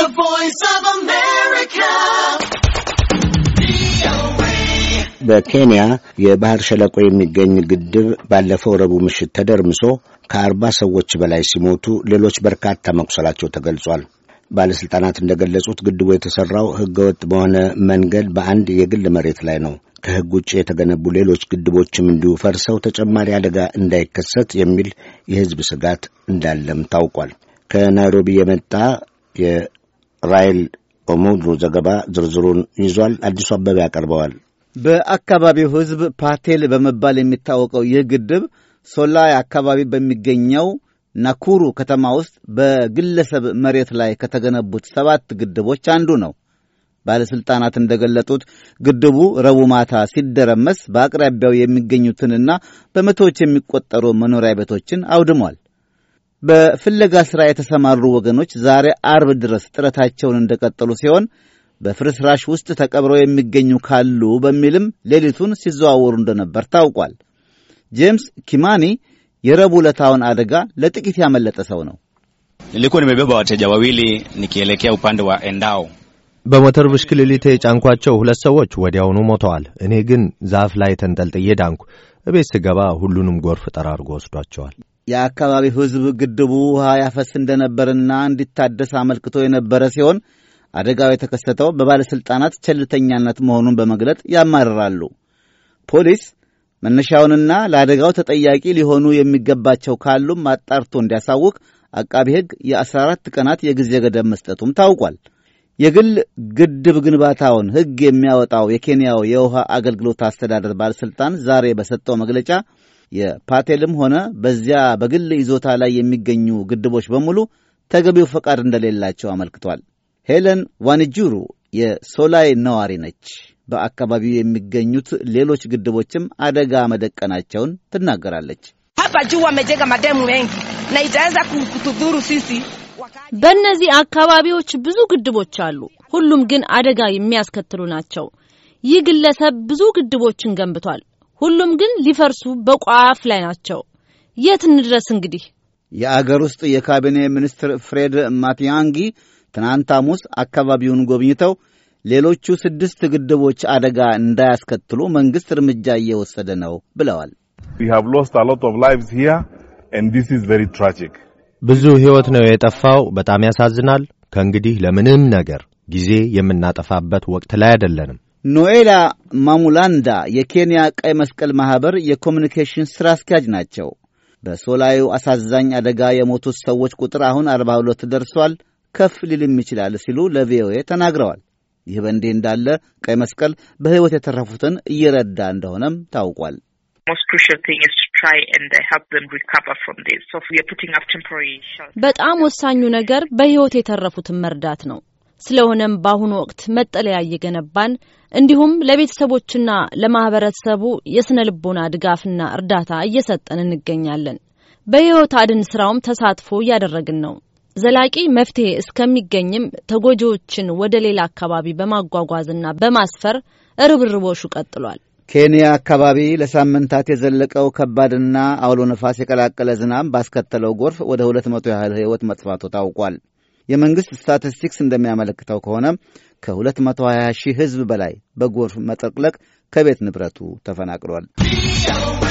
The Voice of America. በኬንያ የባህር ሸለቆ የሚገኝ ግድብ ባለፈው ረቡዕ ምሽት ተደርምሶ ከአርባ ሰዎች በላይ ሲሞቱ ሌሎች በርካታ መቁሰላቸው ተገልጿል። ባለሥልጣናት እንደገለጹት ግድቡ የተሠራው ሕገወጥ በሆነ መንገድ በአንድ የግል መሬት ላይ ነው። ከሕግ ውጭ የተገነቡ ሌሎች ግድቦችም እንዲሁ ፈርሰው ተጨማሪ አደጋ እንዳይከሰት የሚል የሕዝብ ስጋት እንዳለም ታውቋል። ከናይሮቢ የመጣ ራይል ኦሞድሮ ዘገባ ዝርዝሩን ይዟል። አዲሱ አበበ ያቀርበዋል። በአካባቢው ሕዝብ ፓቴል በመባል የሚታወቀው ይህ ግድብ ሶላይ አካባቢ በሚገኘው ናኩሩ ከተማ ውስጥ በግለሰብ መሬት ላይ ከተገነቡት ሰባት ግድቦች አንዱ ነው። ባለሥልጣናት እንደገለጡት ግድቡ ረቡዕ ማታ ሲደረመስ በአቅራቢያው የሚገኙትንና በመቶዎች የሚቆጠሩ መኖሪያ ቤቶችን አውድሟል። በፍለጋ ሥራ የተሰማሩ ወገኖች ዛሬ አርብ ድረስ ጥረታቸውን እንደቀጠሉ ሲሆን በፍርስራሽ ውስጥ ተቀብረው የሚገኙ ካሉ በሚልም ሌሊቱን ሲዘዋወሩ እንደነበር ታውቋል። ጄምስ ኪማኒ የረቡዕ ዕለታውን አደጋ ለጥቂት ያመለጠ ሰው ነው። nilikuwa nimebeba wateja በሞተር ብስክሌት የጫንኳቸው ሁለት ሰዎች ወዲያውኑ ሞተዋል። እኔ ግን ዛፍ ላይ ተንጠልጥዬ ዳንኩ። እቤት ስገባ ሁሉንም ጎርፍ ጠራርጎ ወስዷቸዋል። የአካባቢው ሕዝብ ግድቡ ውሃ ያፈስ እንደነበርና እንዲታደስ አመልክቶ የነበረ ሲሆን አደጋው የተከሰተው በባለሥልጣናት ቸልተኛነት መሆኑን በመግለጥ ያማርራሉ። ፖሊስ መነሻውንና ለአደጋው ተጠያቂ ሊሆኑ የሚገባቸው ካሉም አጣርቶ እንዲያሳውቅ አቃቢ ሕግ የ14 ቀናት የጊዜ ገደብ መስጠቱም ታውቋል። የግል ግድብ ግንባታውን ሕግ የሚያወጣው የኬንያው የውሃ አገልግሎት አስተዳደር ባለሥልጣን ዛሬ በሰጠው መግለጫ የፓቴልም ሆነ በዚያ በግል ይዞታ ላይ የሚገኙ ግድቦች በሙሉ ተገቢው ፈቃድ እንደሌላቸው አመልክቷል። ሄለን ዋንጁሩ የሶላይ ነዋሪ ነች። በአካባቢው የሚገኙት ሌሎች ግድቦችም አደጋ መደቀናቸውን ትናገራለች። በእነዚህ አካባቢዎች ብዙ ግድቦች አሉ። ሁሉም ግን አደጋ የሚያስከትሉ ናቸው። ይህ ግለሰብ ብዙ ግድቦችን ገንብቷል። ሁሉም ግን ሊፈርሱ በቋፍ ላይ ናቸው። የት እንድረስ እንግዲህ? የአገር ውስጥ የካቢኔ ሚኒስትር ፍሬድ ማቲያንጊ ትናንት ሐሙስ አካባቢውን ጎብኝተው ሌሎቹ ስድስት ግድቦች አደጋ እንዳያስከትሉ መንግሥት እርምጃ እየወሰደ ነው ብለዋል። ብዙ ሕይወት ነው የጠፋው። በጣም ያሳዝናል። ከእንግዲህ ለምንም ነገር ጊዜ የምናጠፋበት ወቅት ላይ አይደለንም። ኖኤላ ማሙላንዳ የኬንያ ቀይ መስቀል ማኅበር የኮሚኒኬሽን ሥራ አስኪያጅ ናቸው። በሶላዩ አሳዛኝ አደጋ የሞቱት ሰዎች ቁጥር አሁን 42 ደርሷል፣ ከፍ ሊልም ይችላል ሲሉ ለቪኦኤ ተናግረዋል። ይህ በእንዲህ እንዳለ ቀይ መስቀል በሕይወት የተረፉትን እየረዳ እንደሆነም ታውቋል። በጣም ወሳኙ ነገር በሕይወት የተረፉትን መርዳት ነው። ስለሆነም በአሁኑ ወቅት መጠለያ እየገነባን እንዲሁም ለቤተሰቦችና ለማህበረሰቡ የስነ ልቦና ድጋፍና እርዳታ እየሰጠን እንገኛለን። በሕይወት አድን ስራውም ተሳትፎ እያደረግን ነው። ዘላቂ መፍትሄ እስከሚገኝም ተጎጂዎችን ወደ ሌላ አካባቢ በማጓጓዝና በማስፈር ርብርቦሹ ቀጥሏል። ኬንያ አካባቢ ለሳምንታት የዘለቀው ከባድና አውሎ ነፋስ የቀላቀለ ዝናብ ባስከተለው ጎርፍ ወደ ሁለት መቶ ያህል ሕይወት መጥፋቱ ታውቋል። የመንግሥት ስታቲስቲክስ እንደሚያመለክተው ከሆነ ከ220 ሺህ ሕዝብ በላይ በጎርፍ መጠቅለቅ ከቤት ንብረቱ ተፈናቅሏል።